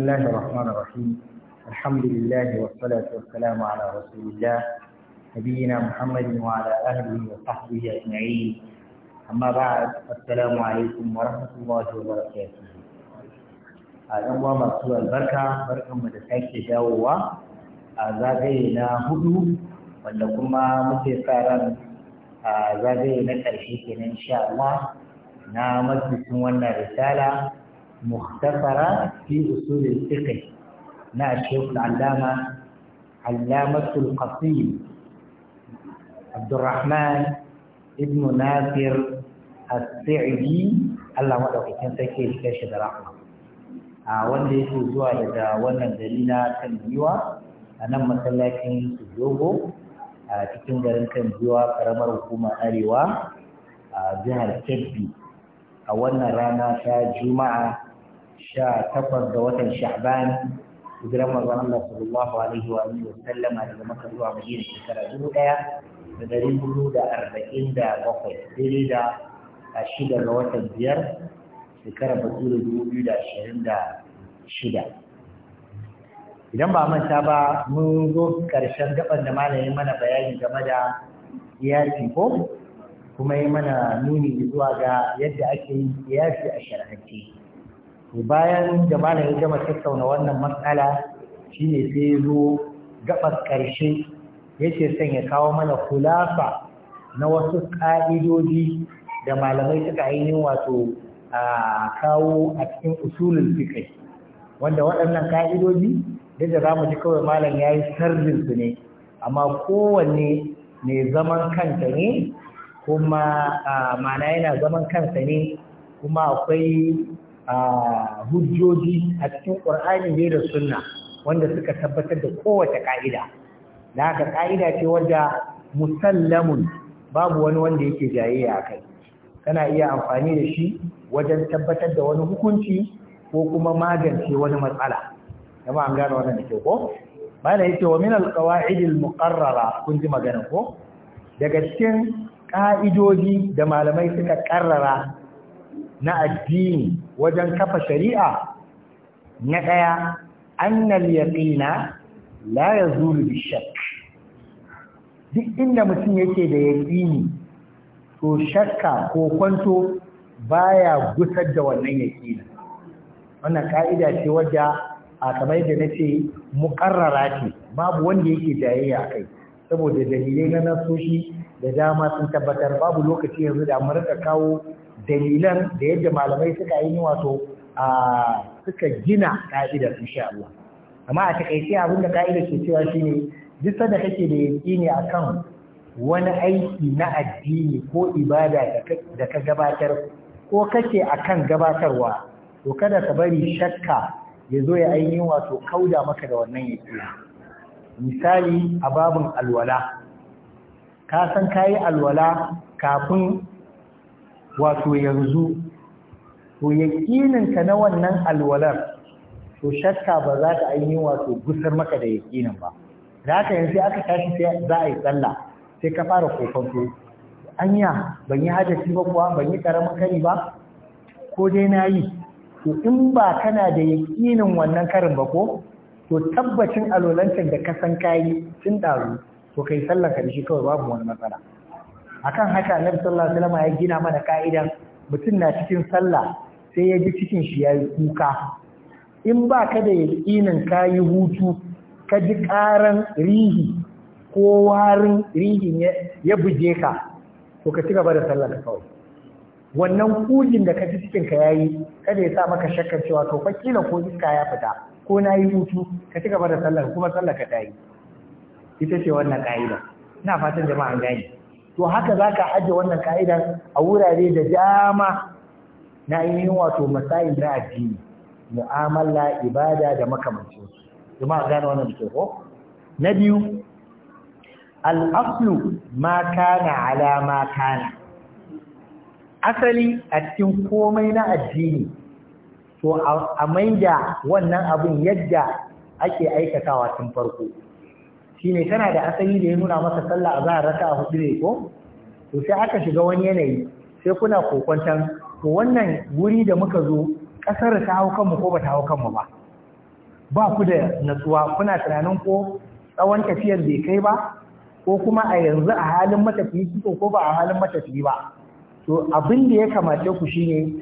بسم الله الرحمن الرحيم الحمد لله والصلاة والسلام على رسول الله نبينا محمد وعلى أهله وصحبه أجمعين أما بعد السلام عليكم ورحمة الله وبركاته أنا ومرسول البركة بركة مدساك تجاوة أعزائنا هدو ولكما متفارا أعزائنا ترشيكنا إن شاء الله نعمل بسم الله رسالة مختصرة في أصول الفقه مع الشيخ العلامة علامة القصيم عبد الرحمن ابن ناصر السعدي Allah maɗaukakin sarki ya shi a wanda yake zuwa daga wannan dalila kan biyuwa a nan masallacin Sujogo a cikin garin kan biyuwa karamar hukumar Arewa a jihar Kebbi a wannan rana ta Juma'a sha takwas ga watan sha'ban hijiran manzon Allah sallallahu alaihi wa alihi wa sallama daga Makka zuwa Madina shekara dubu ɗaya da dari hudu da arba'in da bakwai daidai da shida ga watan biyar shekara bature dubu biyu da ashirin da shida idan ba manta ba mun zo ƙarshen gaban da malamin mana bayani game da iyaki ko kuma yi mana nuni zuwa ga yadda ake yin iyaki a shar'ance bayan da malam ya gama tattauna wannan matsala shine sai ya zo gabas karshe yake son ya kawo mana kulafa na wasu ƙa'idodi da malamai suka ainihin wato a kawo a cikin usulul fiqh wanda waɗannan ƙa'idodi da za mu ji kawai malam ya yi sardin su ne amma kowanne ne zaman kanta ne kuma ma'ana yana zaman kansa ne kuma akwai hujjoji a cikin ƙur'ani ne da sunna wanda suka tabbatar da kowace ƙa'ida da haka ƙa'ida ce wadda musallamun babu wani wanda yake jayayya a kai kana iya amfani da shi wajen tabbatar da wani hukunci ko kuma magance wani matsala kuma an gano wannan da ke ko mana yake wa min alqawaid almuqarrara kun ji magana ko daga cikin ka'idoji da malamai suka karrara na addini wajen kafa shari'a na ɗaya annal yaqina la yazulu bishakk duk inda mutum yake da yaqini to shakka ko kwanto baya gusar da wannan yaqini wannan ka'ida ce wadda a kamar da nace muqarrara ce babu wanda yake jayayya kai saboda dalilai na nasoshi da dama sun tabbatar babu lokaci yanzu da mu rika kawo dalilan da yadda malamai suka yi ni wato a suka gina ka'idar insha Allah amma a takaice abinda ka'idar ke cewa shine duk sanda kake da yaƙini akan wani aiki na addini ko ibada da ka gabatar ko kake akan gabatarwa to kada ka bari shakka ya zo ya ainihin wato kauda maka da wannan yaqini misali a babin alwala ka san kayi alwala kafin wato yanzu to ka na wannan alwalar to shakka ba za ta ainihin wato gusar maka da yakinin ba da haka yanzu aka tashi sai za a yi tsalla, sai ka fara ko anya ban yi shi ba kuwa ban yi karamin kari ba ko dai na yi to in ba kana da yakinin wannan karin ba ko to tabbacin alwalancin da ka san kayi sun daru to kai sallar ka kawai babu wani matsala akan haka annabi sallallahu alaihi wasallam ya gina mana ka'idan mutum na cikin sallah sai ya ji cikin shi yayi kuka in ba ka da yakinin kayi hutu ka ji ƙaran rihi ko warin rihin ya buje ka to ka ci gaba da sallah kawai wannan kujin da ka ji cikin ka yayi kada ya sa maka shakkar cewa to fa kila ko iska ya fita ko nayi hutu ka ci gaba da sallah kuma sallah ka tayi ita ce wannan ka'ida ina fatan jama'an gani to haka za ka ajiye wannan ka'idar a wurare da dama na ainihin wato matsayin na addini mu'amala ibada da makamancinsu kuma gane wannan da ko na biyu al'aflu ma kana ala ma kana asali a cikin komai na addini to a maida wannan abin yadda ake aikatawa tun farko ne tana da asali da ya nuna masa sallah a zahar raka a hudu ne ko to sai aka shiga wani yanayi sai kuna kokwantan to wannan guri da muka zo kasar ta hau kanmu ko ba ta hau kanmu ba ba ku da natsuwa kuna tunanin ko tsawon tafiyar bai kai ba ko kuma a yanzu a halin matafiyi kiko ko ba a halin matafiyi ba to abin da ya kamace ku shine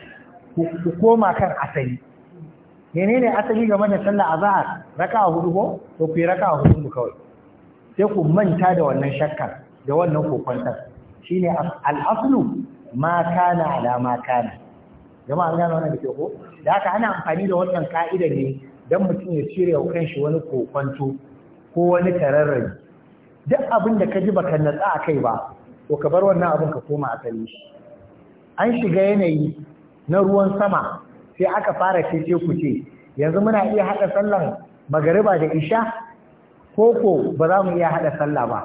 ku koma kan asali menene asali game da sallah azhar raka'a hudu ko to ku raka'a hudu kawai sai ku manta da wannan shakkar da wannan kokwantar shine al-aslu ma kana ala ma kana jama'a an wannan da ke ko da haka ana amfani da wannan ka'ida ne dan mutum ya cire wa kanshi wani kokwanto ko wani tararrabi duk abin da ka ji baka natsa a kai ba ko ka bar wannan abin ka koma asali shi an shiga yanayi na ruwan sama sai aka fara cece ku ce yanzu muna iya haɗa sallan magariba da isha koko ba za mu iya haɗa sallah ba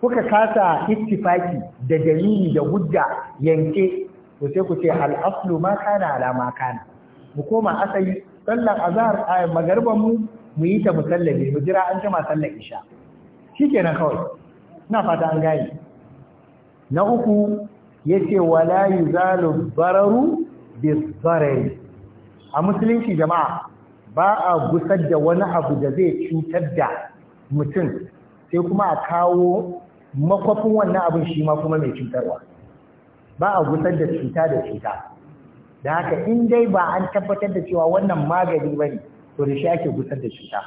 kuka kasa ittifaki da dalili da hujja yanke to sai ku ce aslu ma kana ala ma kana mu koma asali sallar azhar a magarban mu mu yi ta musallabi mu jira an jima sallar isha shikenan kawai ina fata an gane na uku yace wala yuzalu bararu bis a musulunci jama'a ba a gusar da wani abu da zai cutar da mutum sai kuma a kawo makwafin wannan abin shi ma kuma mai cutarwa ba a gusar da cuta da cuta da haka in dai ba an tabbatar da cewa wannan magani ba ne to da shi ake gusar da cuta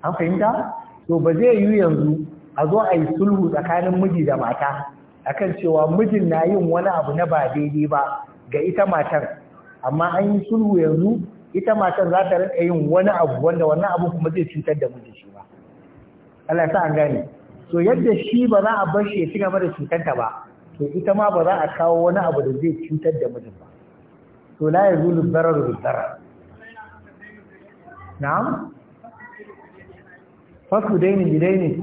an fahimta to ba zai yi yanzu a zo a yi sulhu tsakanin miji da mata akan cewa mijin na yin wani abu na ba daidai ba ga ita matar amma an yi sulhu yanzu ita matan za ta rinka yin wani abu wanda wannan abu kuma zai cutar da miji shi ba Allah ya sa an gane to yadda shi ba za a bar shi ya ci gaba da cutanta ba to ita ma ba za a kawo wani abu da zai cutar da mijin ba to la yazulu da zarar na'am fasu daini bidaini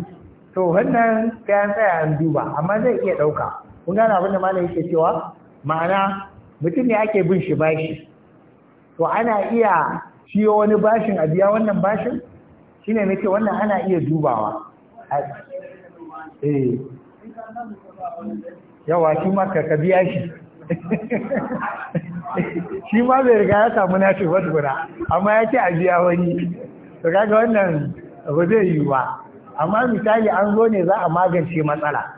to wannan kayan tsaya an duba amma zai iya dauka kun gane abin da malai yake cewa ma'ana mutum ne ake bin shi bashi to ana iya ciyo wani bashin a biya wannan bashin shine nake wannan ana iya dubawa eh. yawa shi ma ka biya shi shi ma bai riga ya samu nashi wadura amma ya ce a biya wani to kaga wannan ba zai yi ba amma misali an zo ne za a magance matsala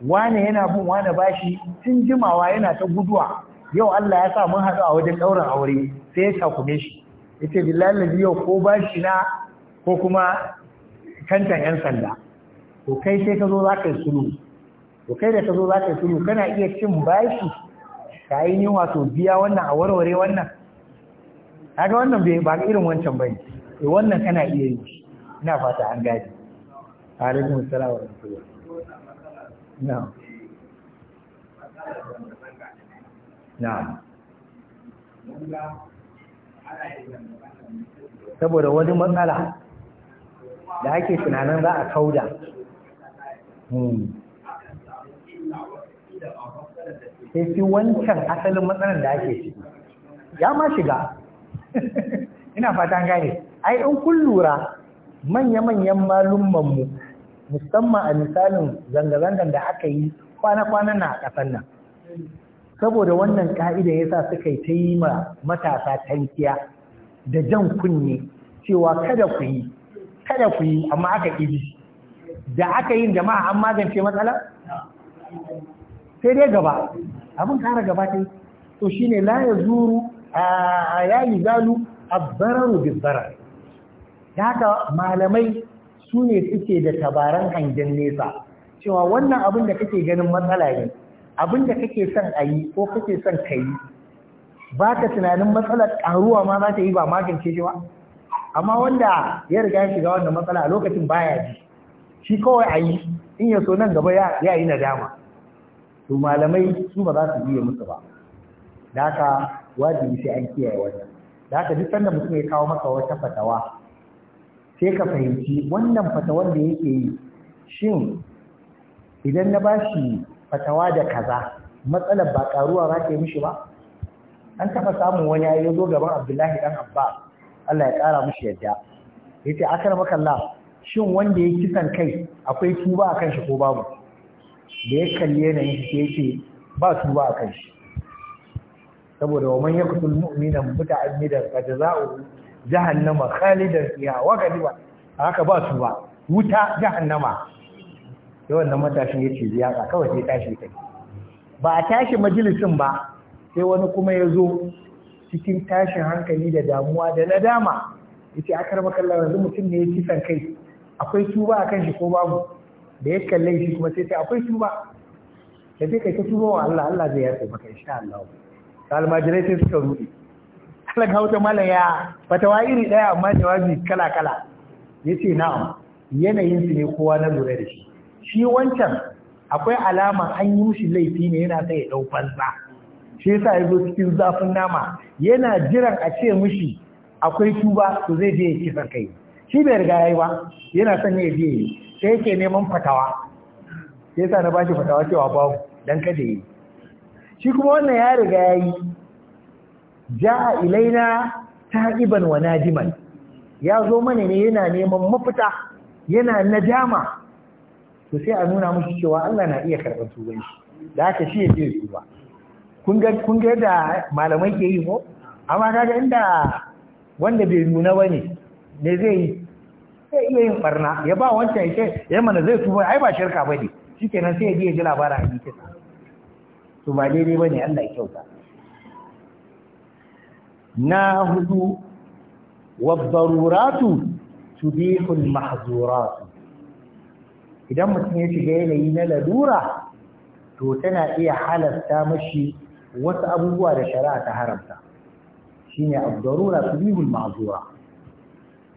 wane yana bin wane bashi tun jimawa yana ta guduwa yau Allah ya sa mun haɗu a wajen ɗaurin aure sai ya shakume shi ya ce billahi yau ko ba shi na ko kuma kantan 'yan sanda to kai sai ka zo za ka yi sulu to kai da ka zo za ka yi sulu kana iya cin bashi ka yi ni wato biya wannan a warware wannan kaga wannan bai ba irin wancan ne. eh wannan kana iya yi ina fata an gaji alaikum assalam wa rahmatullah na'am na'am saboda wani matsala da ake tunanin za a kauda hmm. sai fi wancan asalin matsalar da ake ciki ya ma shiga ina fatan gane ai in kun lura manya-manyan malummanmu musamman a misalin zanga-zangar da aka yi kwana-kwanan na a ƙasar nan saboda wannan ka'ida ya sa suka yi ta yi ma matasa tankiya da jan kunne cewa kada ku yi kada ku yi amma aka ƙiji da aka yin jama'a an magance matsala sai dai gaba abin kara gaba ta yi to shi ne la ya zuru a yayi zalu a bararu bi barar da haka malamai su ne suke da tabaran hangen nesa cewa wannan abin da kake ganin matsala ne abin da kake son a yi ko kake son ka yi ba ka tunanin matsalar ƙaruwa ma za ta yi ba magance shi ba amma wanda ya riga ya shiga wannan matsala a lokacin baya ji shi kawai a yi in ya so nan gaba ya yi nadama to malamai su ba za su biye musu ba da haka wajibi sai an kiyaye wannan da haka duk sanda mutum ya kawo maka wata fatawa sai ka fahimci wannan fatawar da yake yi shin idan na bashi fatawa da kaza matsalar ba karuwa ba ta yi mishi ba an taɓa samun wani ya zo gaban abdullahi dan abba Allah ya ƙara mishi yadda ya ce akar makalla shin wanda ya kisan kai akwai tuba a kan ko babu da ya kalli yanayin shi ya ce ba tuba a kan shi saboda wa man ya mu'mina muta'ammidan fa jazaohu jahannama khalidan fiha wa kadiba haka ba tuba wuta jahannama sai wannan matashin ya ce ziyara kawai sai tashi kai ba a tashi majalisin ba sai wani kuma ya zo cikin tashin hankali da damuwa da nadama ya ce akar makallar yanzu mutum ne ya kisan kai akwai tuba a kan shi ko babu da ya kalle shi kuma sai sai akwai tuba da sai kai ta tuba wa Allah Allah zai yafe maka insha Allah almajirai sai suka rude Allah ga wata malam ya fatawa iri daya amma jawabi kala kala yace na'am yanayin su ne kowa na lura da shi shi wancan akwai alama an yi mushi laifi ne yana sai ya dau fansa shi yasa ya zo cikin zafin nama yana jiran a ce mushi akwai tuba to zai je ya kisa kai shi bai riga yayi ba yana son ya je yi sai yake neman fatawa sai yasa na bashi fatawa cewa babu dan kada yi shi kuma wannan ya riga yayi ja ilaina ta iban wa najiman ya zo mana ne yana neman mafita yana nadama to sai a nuna mushi cewa Allah na iya karɓar tuban shi da haka shi ya je tuba kun ga kun ga da malamai ke yi ko amma kaga inda wanda bai nuna bane ne zai yi sai iya yin barna ya ba wancan ce ya eh mana zai tuba ai ba shirka bane shikenan sai ya je ya ji labarin hadisi to ba daidai bane Allah ya kyauta na hudu wa daruratu tubihul mahzuratu idan mutum ya shiga yanayi na lalura to tana iya halasta mashi wasu abubuwa da shari'a ta haramta shine abdarura tubihul ma'zura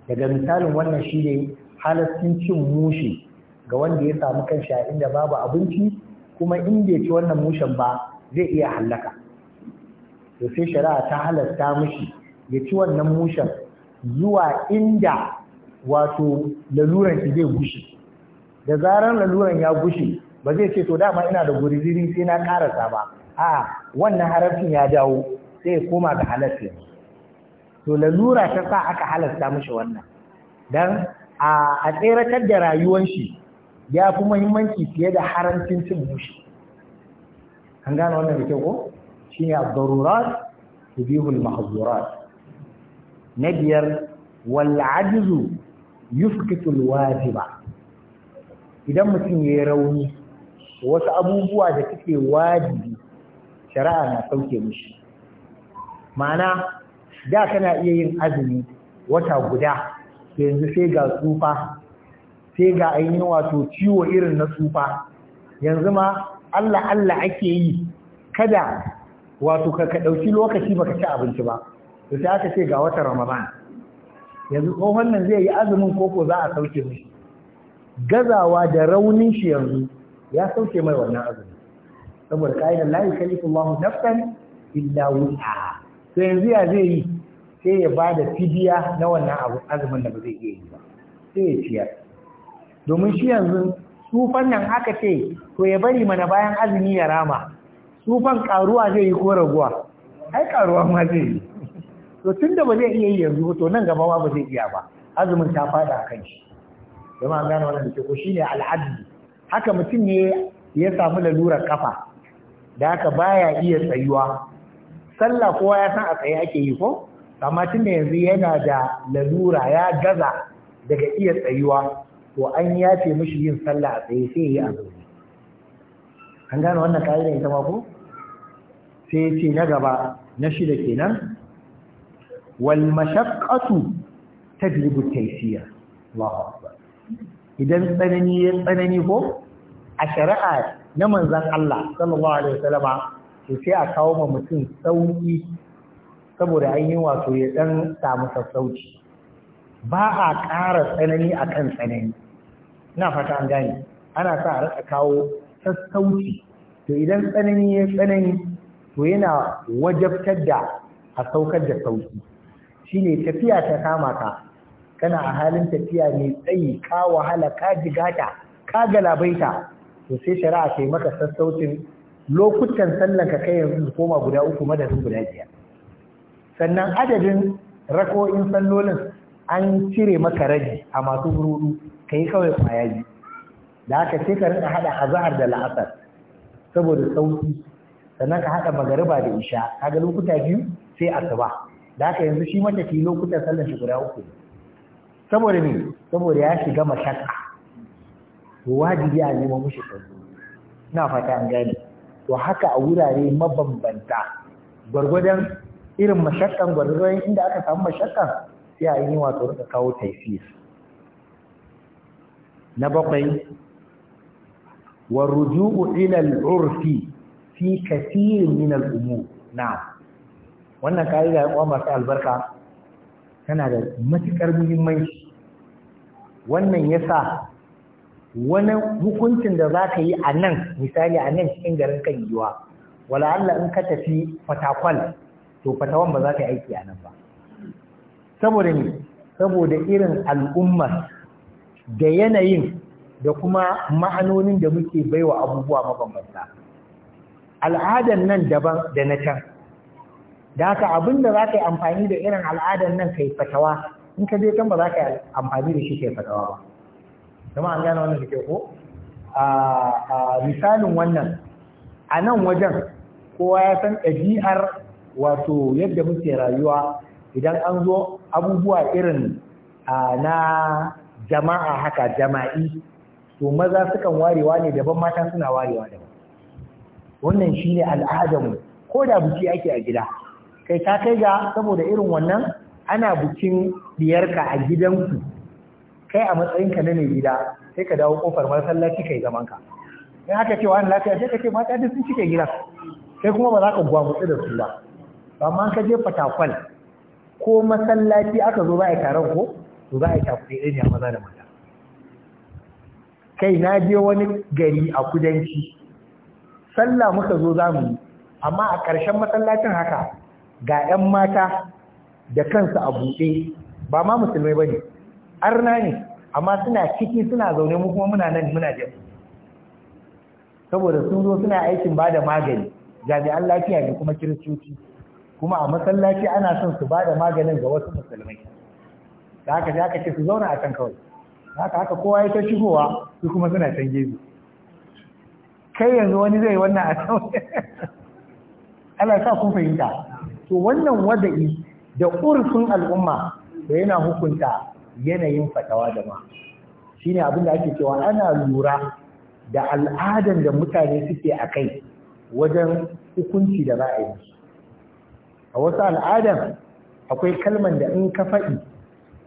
daga misalin wannan shine halastin cin mushi ga wanda ya samu kanshi a inda babu abinci kuma inda ya ci wannan mushen ba zai iya hallaka to sai shari'a ta halasta mushi ya ci wannan mushen zuwa inda wato laluran shi zai gushe da zarar laluran ya gushe ba zai ce to dama ina da guriziri sai na karasa ba a wannan harafin ya dawo sai ya koma ga halatta to lalura ta sa aka halasta mishi wannan dan a tseratar da rayuwar shi ya fi muhimmanci fiye da harancin cin mushi an gane wannan da kyau ko shi ne darurat tubihu mahzurat na biyar wal yufkitul wajiba idan mutum ya yi rauni wasu abubuwa da suke wajibi shari'a na sauke mishi ma'ana da kana iya yin azumi wata guda yanzu sai ga tsufa sai ga ainihin wato ciwo irin na tsufa yanzu ma Allah Allah ake yi kada wato ka ɗauki lokaci baka ci abinci ba to sai aka ce ga wata ramadan yanzu tsohon nan zai yi azumin koko za a sauke mishi gazawa da raunin shi yanzu ya sauke mai wannan azumi saboda ka'idar la yukallifu Allahu nafsan illa wus'aha to yanzu ya zai yi sai ya ba da fidiya na wannan azumin da ba zai iya yi ba sai ya ciyar domin shi yanzu sufan nan aka ce to ya bari mana bayan azumi ya rama sufan karuwa zai yi ko raguwa ai karuwa ma zai yi to tunda da ba zai iya yi yanzu to nan gaba ma ba zai iya ba azumin ta fada a kan shi zama an gane wannan da ke ko shine haka mutum ne ya samu lalurar kafa da haka baya iya tsayuwa sallah kowa ya san a tsaye ake yi ko amma tun da yanzu yana da lalura ya gaza daga iya tsayuwa to an yace mishi yin sallah a tsaye sai ya yi a an gane wannan ka'ida ita ma ko sai ya ce na gaba na shida kenan wal mashaqqatu tajlibu taysir Allahu idan tsanani ya tsanani ko a shari'a na manzan Allah sallallahu alaihi wasallama to sai a kawo ma mutum sauki saboda an yi wato ya dan samu sassauci ba a ƙara tsanani akan tsanani ina fata an gane ana sa a rika kawo sassauci to idan tsanani ya tsanani to yana wajabtar da a saukar da sauki shine tafiya ta kama ka kana a halin tafiya mai tsayi ka wahala ka jigata ka galabaita to sai shari'a ta yi maka sassaucin lokutan sallan ka kai yanzu koma guda uku madadin guda biyar sannan adadin rako'in sallolin an cire maka rabi a masu hurudu ka yi kawai kwaya ji, da haka sai ka rinka haɗa azahar da la'asar saboda sauki sannan ka haɗa magariba da isha kaga lokuta biyu sai asuba da haka yanzu shi matafi lokutan sallan shi guda uku saboda ne saboda ya shiga mashakka wajibi a neman mushi tsaro na fata an gane to haka a wurare mabambanta gwargwadon irin mashakan gwargwadon inda aka samu mashakan sai a yi wato rika kawo taifis na bakwai wa ruju'u ila al-urfi fi kathirin min al-umur na'am wannan kai ga yan masu albarka tana da matuƙar muhimmanci wannan ya sa wani hukuncin da za ka yi a nan misali a nan cikin garin kan yiwuwa wala Allah in ka tafi fatakwal to fatawan ba za ka yi aiki a nan ba saboda ne saboda irin al'umma da yanayin da kuma ma'anonin da muke baiwa abubuwa mabambanta al'adan nan daban da na can da haka abin da za ka yi amfani da irin al'adar nan kai fatawa in ka je kan ba za ka yi amfani da shi kai fatawa ba kuma an gane wannan da ke ko misalin wannan a nan wajen kowa ya san ɗabi'ar wato yadda muke rayuwa idan an zo abubuwa irin na jama'a haka jama'i to maza sukan warewa ne daban mata suna warewa daban wannan shine al'adarmu ko da buki ake a gida kai ta kai ga saboda irin wannan ana bukin diyarka a gidanku kai a matsayinka na mai gida sai ka dawo kofar masallaci kai zaman ka in aka cewa an lafiya sai ka ce mata duk sun cike gida sai kuma ba za ka gwamutsu da su ba amma ka je fatakwal ko masallaci aka zo za a yi taron ko to za a yi takuɗe ɗaya ne a maza da mata kai na je wani gari a kudanci sallah muka zo za mu yi amma a ƙarshen masallacin haka ga 'yan mata da kansu a buɗe ba ma musulmai ba ne arna ne amma suna ciki suna zaune mu kuma muna nan muna jin saboda sun zo suna aikin ba da magani jami'an lafiya ne kuma kiristoci kuma a masallaci ana son su ba da maganin ga wasu musulmai da haka sai aka ce su zauna a can kawai haka haka kowa ya ta shigowa su kuma suna can gefe kai yanzu wani zai wannan a Allah sa kun fahimta to wannan wada'i da ƙurfin al'umma da yana hukunta yanayin fatawa da ma shine abin da ake cewa ana lura da al'adan da mutane suke a kai wajen hukunci da ra'ayi a wasu al'adan akwai kalman da in ka faɗi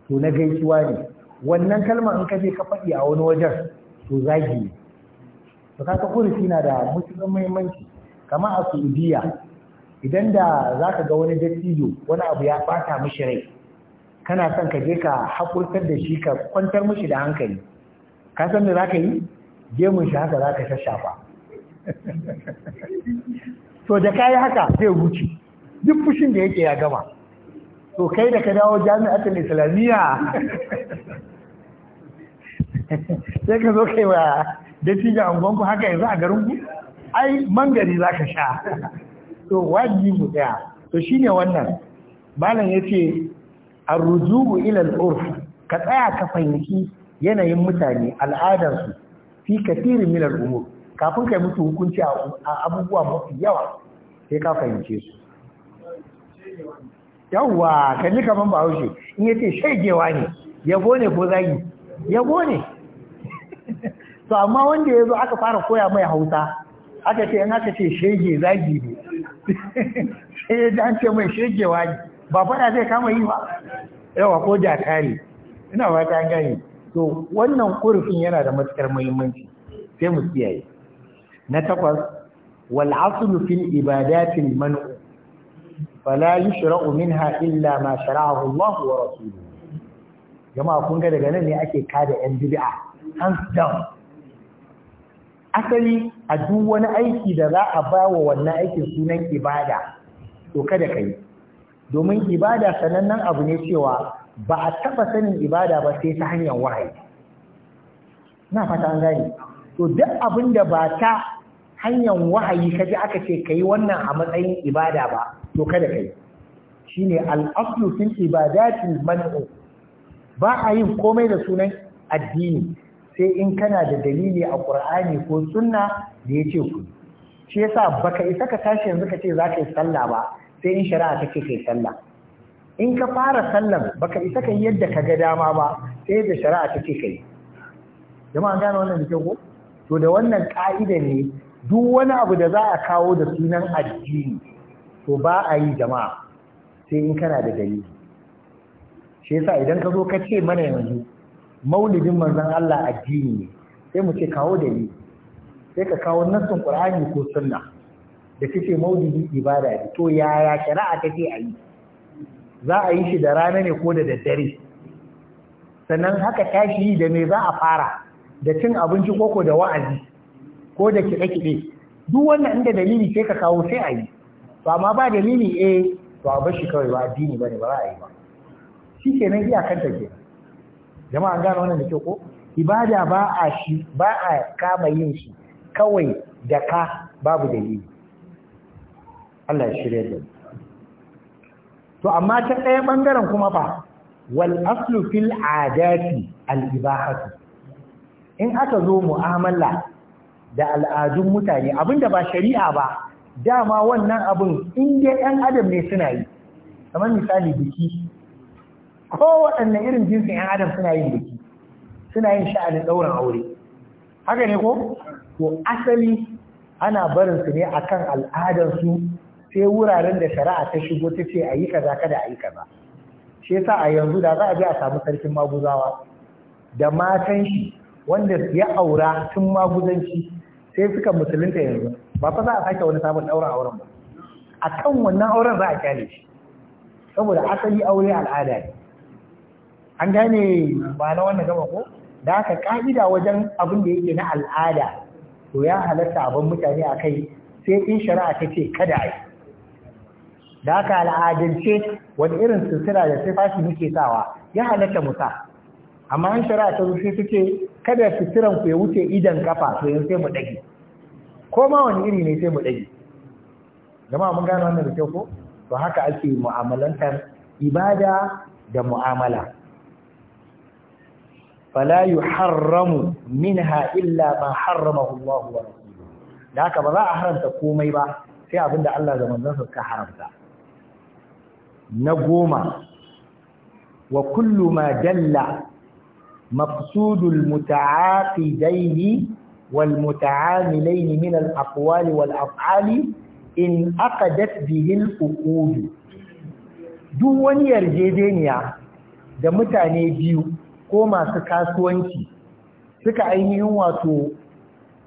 to na gaisuwa ne wannan kalman in ka je ka faɗi a wani wajen to zagi ne to kaka shi na da mutum mahimmanci kama a saudiya idan da za ka ga wani dattijo wani abu ya ɓata mashi rai kana son ka je ka haƙurtar da shi ka kwantar mashi da hankali ka san da za ka yi gemun shi haka za ka shashafa to da ka yi haka zai wuce duk fushin da yake ya gama to kai da ka dawo jami'atul islamiyya sai ka zo kai wa dattijan angonku haka yanzu a garin ku? ai mangari za ka sha to wajibi mu tsaya to shine wannan malam yace a ila al-urf ka tsaya ka fahimci yanayin mutane al'adarsu fi kathirin min al-umur kafin kai mutu hukunci a abubuwa mafi yawa sai ka fahimce su yawwa kalli kaman ba haushe in yace shegewa ne yabo ne ko zagi yabo ne to amma wanda ya zo aka fara koya mai hausa aka ce in aka ce shege zagi ne sai ya an ce mai shirgewa ne ba fada zai kama yi ba yawa ko jakari ina ba ta gani to wannan kurfin yana da matukar muhimmanci sai mu kiyaye na takwas wal aslu fil ibadatil man'u fala yushra'u minha illa ma shara'ahu Allah wa rasuluhu jama'a kun ga daga nan ne ake kada yan bid'a hands down asali a duk wani aiki da za a ba wa wannan aikin sunan ibada to kada ka yi domin ibada sanannen abu ne cewa ba a taɓa sanin ibada ba sai ta hanyar wahayi na fata an gane to duk abin da ba ta hanyar wahayi ka aka ce ka yi wannan a matsayin ibada ba to kada ka yi shi ne fil ibadatin man'u ba a yin komai da sunan addini sai in kana da dalili a ƙur'ani ko sunna da ya ce ku shi sa baka isa ka tashi yanzu ka ce za ka yi sallah ba sai in shari'a ta ka kai sallah in ka fara sallan baka isa ka yi yadda ka ga dama ba sai da shari'a ta yi. kai an gane wannan da ko to da wannan ka'ida ne duk wani abu da za a kawo da sunan addini to ba a yi jama'a sai in kana da dalili shi yasa idan ka zo ka ce mana yanzu maulidin manzan Allah addini ne sai mu ce kawo dalili sai ka kawo nassin Qur'ani ko sunna da take maulidi ibada ne to yaya shari'a take a yi za a yi shi da rana ne ko da daddare sannan haka tashi da me za a fara da cin abinci koko da wa'azi ko da kiɗe-kiɗe duk wannan inda dalili sai ka kawo sai a yi to amma ba dalili eh to a bar shi kawai ba addini bane ba za a yi ba shi kenan iyakar ta kenan jama'a gane wannan da ke ko ibada ba a shi ba a kama yin shi kawai da ka babu dalili Allah ya shirya da to amma ta ɗaya ɓangaren kuma ba, wal aslu fil adati al ibahatu in aka zo mu'amala da al'adun mutane abinda ba shari'a ba dama wannan abin in yan adam ne suna yi kamar misali biki kowaɗanne irin jinsin ‘yan adam suna yin biki suna yin sha'anin ɗaurin aure haka ne ko? to asali ana barin su ne akan al'adarsu sai wuraren da shari'a ta shigo ta ce a yi kaza kada a yi kaza shi yasa a yanzu da za a je a samu sarkin maguzawa da matan shi wanda ya aura tun maguzanci sai suka musulunta yanzu ba fa za a sake wani sabon ɗaurin auren ba akan wannan auren za a kyale shi saboda asali aure al'ada ne an gane ba na wannan gaba ko da aka ka'ida wajen abin da yake na al'ada to ya halatta abin mutane a kai sai in shari'a ta ce kada a yi da aka al'adance wani irin sutura da Fashi muke sawa ya halatta musa amma in shari'a ta rufe su ce kada suturan ku ya wuce idan kafa to yanzu sai mu ɗage ko ma wani iri ne sai mu ɗage Gama mun gane wannan da kyau ko to haka ake mu'amalantar ibada da mu'amala فلا يحرم منها إلا ما حرمه الله ورسوله لك بلا أحرم تقومي با في عبد الله زمن نصر كحرمتا نقوم وكل ما جل مقصود المتعاقدين والمتعاملين من الأقوال والأفعال إن أقدت به الأقود دواني الجيدين يا دمتاني بيو ko masu kasuwanci suka ainihin wato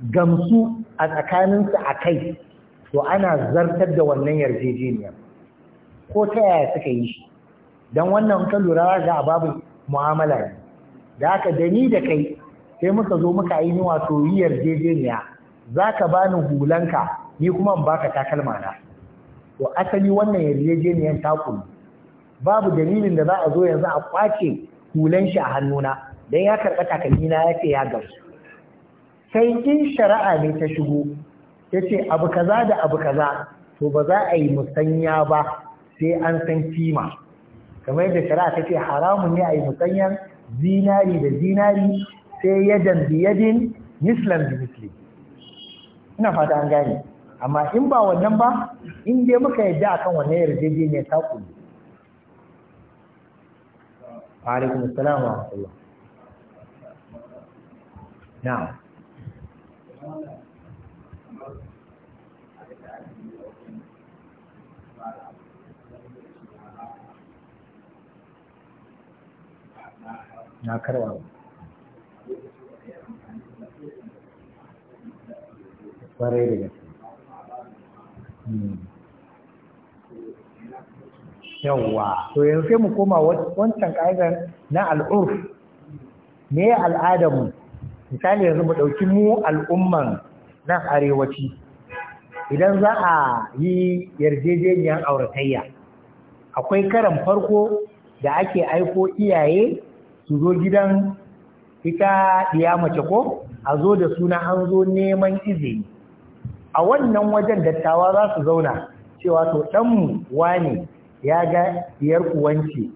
gamsu a tsakaninsu a kai to ana zartar da wannan yarjejeniyar ko ta yaya suka yi shi don wannan ka lura ga babu mu'amala ne da haka da ni da kai sai muka zo muka yi wato yi yarjejeniya za ka bani hulanka ni kuma in baka takalma na to asali wannan yarjejeniyar ta babu dalilin da za a zo yanzu a kwace hulan shi a hannuna don ya karɓa takalmina ya ce ya gamsu sai in shari'a ne ta shigo ta ce abu kaza da abu kaza to ba za a yi musanya ba sai an san kima kamar yadda shari'a ta ce haramun ne a yi musanyan zinari da zinari sai yadan biyadin mislan bi misli ina fata an gane amma in ba wannan ba in dai muka yadda akan wannan yarjejeniyar ta kullu وعليكم السلام ورحمة الله نعم na karwa ƙwarai da gaske yawwa to yanzu sai mu koma wancan kaidar na al'urf me al'adarmu misali yanzu mu ɗauki mu al'umman nan arewaci idan za a yi yarjejeniyar auratayya akwai karan farko da ake aiko iyaye su zo gidan ita iya mace ko a zo da suna an zo neman izini a wannan wajen dattawa za su zauna cewa to ɗanmu ne. ya ga iyar uwanci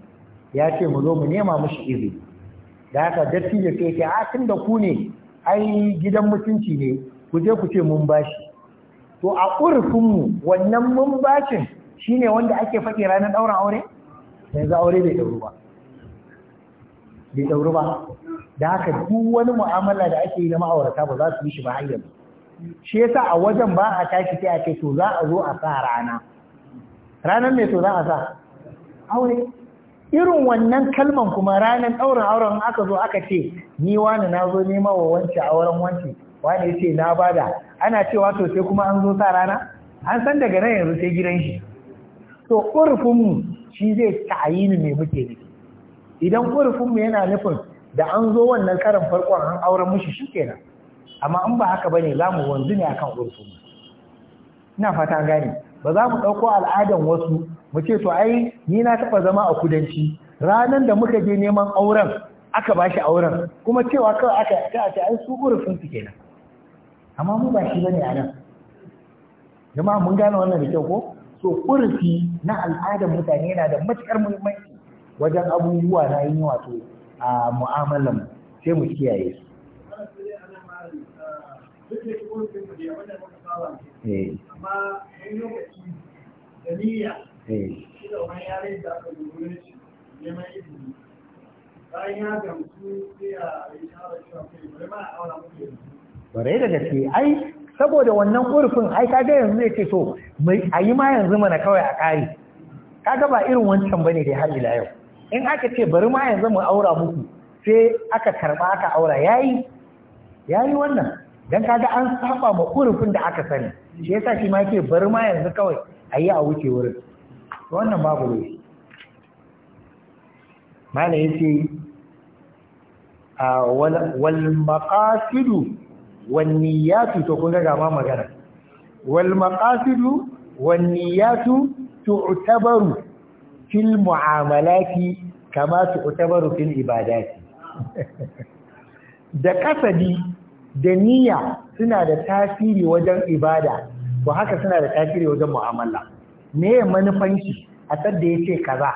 ya ce mu zo mu nema mushi izini da haka dattijo sai ce a ah, tun da ku ne ai gidan mutunci ne ku je ku ce mun bashi to a urfinmu wannan mun bashin shine wanda ake faɗi ranar ɗaurin aure yanzu aure bai ɗauru ba bai ɗauru ba da haka duk wani mu'amala da ake yi na ma'aurata ba za su yi shi ba har shi yasa a wajen ba a tashi sai a ce to za a zo a sa rana ranar mai to za a sa aure irin wannan kalman kuma ranar ɗaurin auren aka zo aka ce ni wani na zo nema wa wance auren wani ya ce na bada ana cewa to sai kuma an zo sa rana an san daga nan yanzu sai gidan shi to ƙurfinmu shi zai ta'ayini mai muke ne idan ƙurfinmu yana nufin da an zo wannan karin farkon an auren mushi shi kenan amma in ba haka bane za mu wanzu ne akan ƙurfinmu ina fata gani ba za mu ɗauko al'adan wasu mu ce to ai ni na taɓa zama a kudanci ranar da muka je neman auren aka ba shi auren kuma cewa kawai aka ta ce ai su sun su kenan amma mu ba shi bane a nan jama'a mun gane wannan da kyau ko so kurfi na al'adar mutane yana da matukar muhimmanci wajen abubuwa na yin wato a mu'amalan sai mu kiyaye su. Eh. amma lokaci da shi ya yi bare da gaske ai saboda wannan ƙorfin ai kaga yanzu zai ce so a yi ma yanzu mana kawai a ƙari kaga ba irin wancan ba ne da har ila yau in aka ce bari ma yanzu mu aura muku sai aka karba aka aura yayi yayi wannan dan kaga an saba ma kurufin da aka sani shi yasa shi ma yake bar ma yanzu kawai ayi a wuce wurin wannan babu ne mala yace a wal maqasidu wan niyatu to kun ga ma magana wal maqasidu wan niyatu tu'tabaru fil mu'amalati kama tu'tabaru fil ibadati da kasadi da niyya suna da tasiri wajen ibada to haka suna da tasiri wajen mu'amala me ya manufan shi a ya ce kaza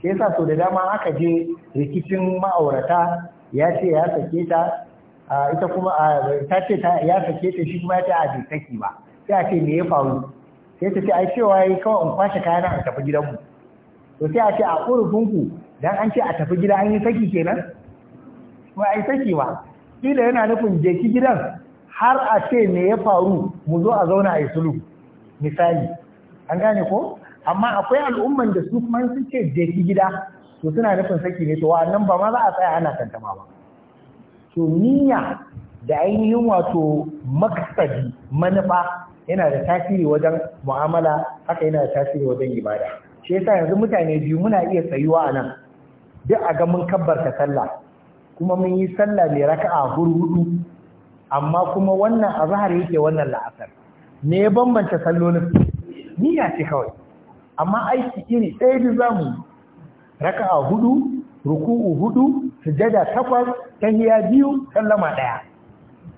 shi yasa so da dama aka je rikicin ma'aurata ya ce ya sake ta ita kuma ta ce ya sake ta shi kuma ya ce a bai saki ba sai a ce me ya faru sai ta ce ai cewa yi kawai in kwashe kayan a tafi gidanmu to sai a ce a ƙurufinku dan an ce a tafi gida an yi saki kenan ba a saki ba kila yana nufin jeki gidan har a ce me ya faru mu zo a zauna a yi sulhu misali an gane ko amma akwai al'umman da su kuma sun ce je gida to suna nufin saki ne to wannan ba ma za a tsaya ana tantama ba to niyya da ainihin wato maksadi manufa yana da tasiri wajen mu'amala haka yana da tasiri wajen ibada shi yasa yanzu mutane biyu muna iya tsayuwa a nan duk a ga mun kabbarta sallah kuma mun yi sallah mai raka'a hurhudu amma kuma wannan azhar yake wannan la'asar ne ya bambanta sallolin ya ce kawai amma aiki iri ɗaya da zamu raka'a hudu ruku'u hudu sujada takwas tahiyya biyu sallama ɗaya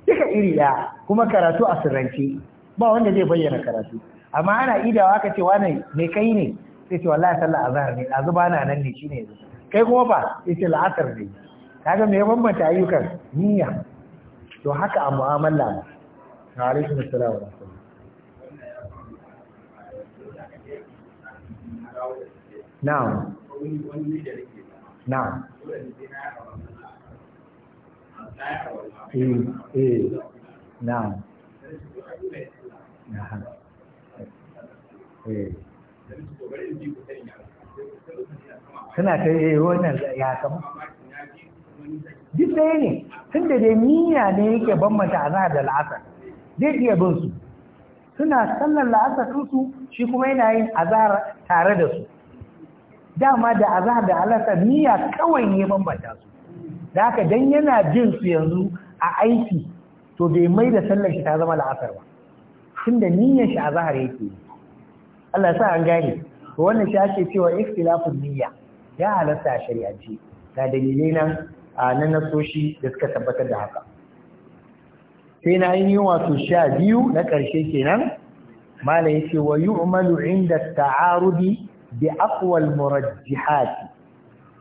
duka iri ɗaya kuma karatu a sirrance ba wanda zai bayyana karatu amma ana idawa ka ce wani mai kai ne sai ce wallahi sallah azhar ne azuba na nan ne shine yanzu kai kuma ba sai ce la'asar ne kaga me bambanta ayyukan niyya to haka a mu'amala ne alaikum assalam wa na'am na'am eh eh na'am na'am eh suna ta yi eh, wannan ya kama duk ɗaya ne tun da dai niyya ne yake bambanta azhar da la'asar zai iya bin su suna sallar la'asar su shi kuma yana yin azhar tare da su dama da azhar da alasar niyya kawai ne bambanta su da haka dan yana jin su yanzu a aiki to bai mai da sallar shi ta zama la'asar ba tun da niyyar shi azhar yake Allah sa an gane to wannan shi ake cewa ikhtilafun niyya ya halatta a shari'ance ga dalilai nan na nasoshi da suka tabbatar da haka sai na ainihin wato sha biyu na ƙarshe kenan mala ya ce wa yu'malu inda ta'arudi bi aqwal murajjihati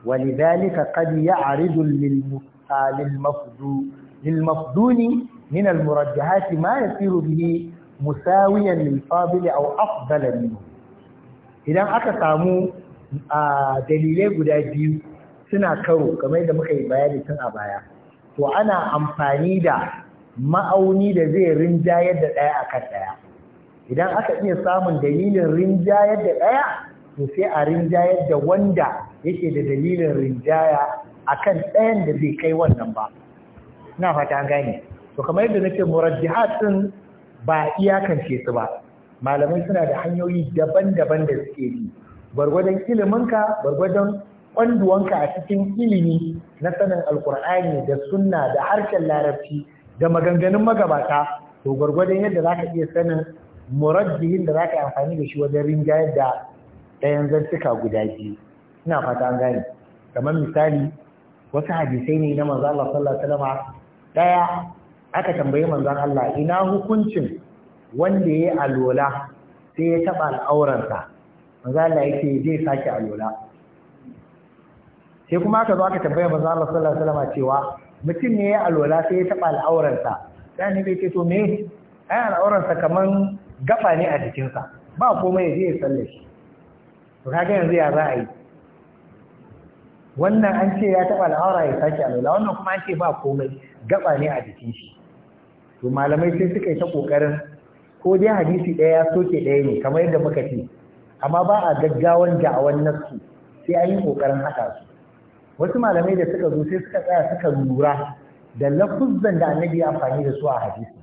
ولذلك قد يعرض للمفضون ma المرجحات ما يصير به مساويا للفاضل أو أفضل idan aka samu دليل guda biyu suna karo kamar da muka yi bayani tun a baya to ana amfani da ma'auni da zai rinjayar da ɗaya akan ɗaya idan aka iya samun dalilin rinjayar da ɗaya to sai a rinjayar da wanda yake da dalilin rinjaya akan ɗayan da zai kai wannan ba na fata gane to kamar yadda nake murajjihat din ba iyakance su ba malamai suna da hanyoyi daban-daban da suke bi gwargwadon iliminka gwargwadon kwanduwanka a cikin ilimi na sanin alkur'ani da sunna da harshen larabci da maganganun magabata to gwargwadon yadda za ka iya sanin murajjihin da za ka amfani da shi wajen rinjayar da ɗayan zartuka guda biyu ina fata an gane kamar misali wasu hadisai ne na manzan Allah sallallahu alaihi ɗaya aka tambayi manzan Allah ina hukuncin wanda ya yi alola sai ya taɓa al'auransa manzan Allah yake zai sake alola sai kuma aka zo aka tambaya manzo Allah sallallahu alaihi wasallam cewa mutum ne ya alwala sai ya taba al'auransa sai annabi ce to me ai al'auransa kaman gafa ne a jikinsa ba komai ya je ya salle shi to kaga yanzu ya za a yi wannan an ce ya taba al'aura ya sake alwala wannan kuma an ce ba komai gafa ne a jikin shi to malamai sai suka yi ta kokarin ko dai hadisi ɗaya ya soke ɗaya ne kamar yadda muka ce amma ba a gaggawan da'awan su sai an yi kokarin haka su wasu malamai da suka zo sai suka tsaya suka lura da lafuzzan da annabi ya amfani da su a hadisi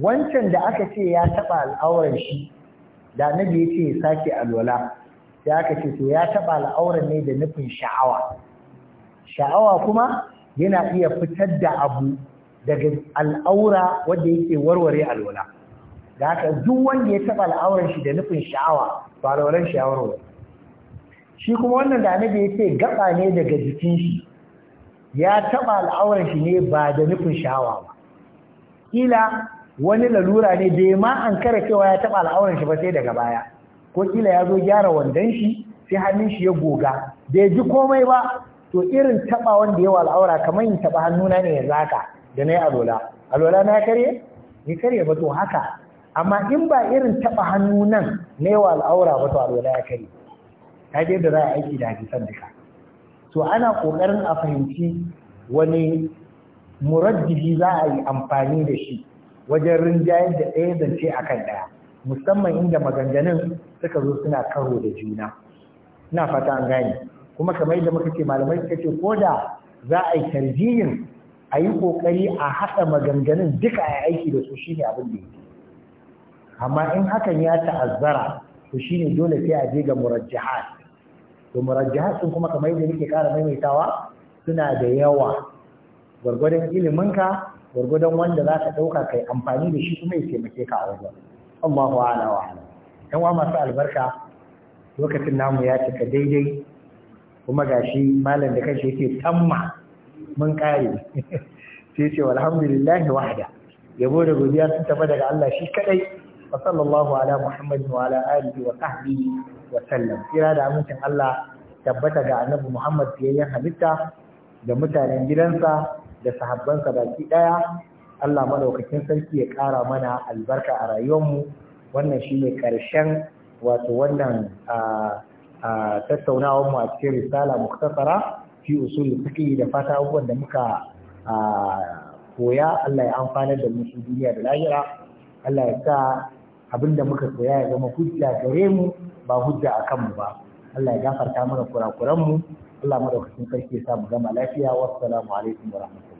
wancan da aka ce ya taba al'auran shi da annabi ya ce ya sake alwala sai aka ce to ya taba al'auran ne da nufin sha'awa sha'awa kuma yana iya fitar da abu daga al'aura wanda yake warware alwala da haka duk wanda ya taba al'auran shi da nufin sha'awa ba alwalan sha'awar wani shi kuma wannan da annabi ya ce gaba ne daga jikin shi ya taɓa al'auran shi ne ba da nufin shawa ba kila wani lalura ne bai ma an kare cewa ya taɓa al'auran shi ba sai daga baya ko kila ya zo gyara wandon shi sai hannun shi ya goga bai ji komai ba to irin taɓa wanda yawa al'aura kamar yin taɓa hannuna ne ya zaka da na yi alola alola na karye ya karye ba to haka amma in ba irin taɓa hannu nan na yawa al'aura ba to alola ya karye ta da za a aiki da hadisan duka to ana kokarin a fahimci wani muraddidi za a yi amfani da shi wajen rinjayar da ɗaya zance a kan ɗaya musamman inda maganganun suka zo suna karo da juna na fata an gane kuma kamar yadda muka ce malamai suka ce ko da za a yi tarjiyin a yi ƙoƙari a haɗa maganganun duka a yi aiki da su shine abin da yake amma in hakan ya ta'azzara to shine dole sai a je ga murajjahat to murajjahat sun kuma kamar yadda nake ƙara maimaitawa suna da yawa gwargwadon ka gwargwadon wanda za ka ɗauka kai amfani da shi kuma ya taimake ka a wajen Allahu ala wa ala yan wa masu albarka lokacin namu ya cika daidai kuma gashi malam da kanshi yake tamma mun kare sai ce alhamdulillah wahda yabo da godiya sun tafi daga Allah shi kadai wa sallallahu ala muhammad wa ala alihi wa sahbihi wa sallam kira da amincin Allah tabbata ga annabi muhammad fiyayyen halitta da mutanen gidansa da sahabbansa baki daya Allah madaukakin sarki ya kara mana albarka a rayuwarmu wannan shine karshen wato wannan tattaunawar mu a cikin risala muktasara fi usul fiqh da fata abubuwan da muka koya Allah ya amfana da mu duniya da lahira Allah ya sa Abin da muka koya ya zama hujja gare mu ba hujja a kanmu ba Allah ya gafarta mana kurakuranmu Allah madaukakin sarki ya sa mu gama lafiya wassalamu alaikum wa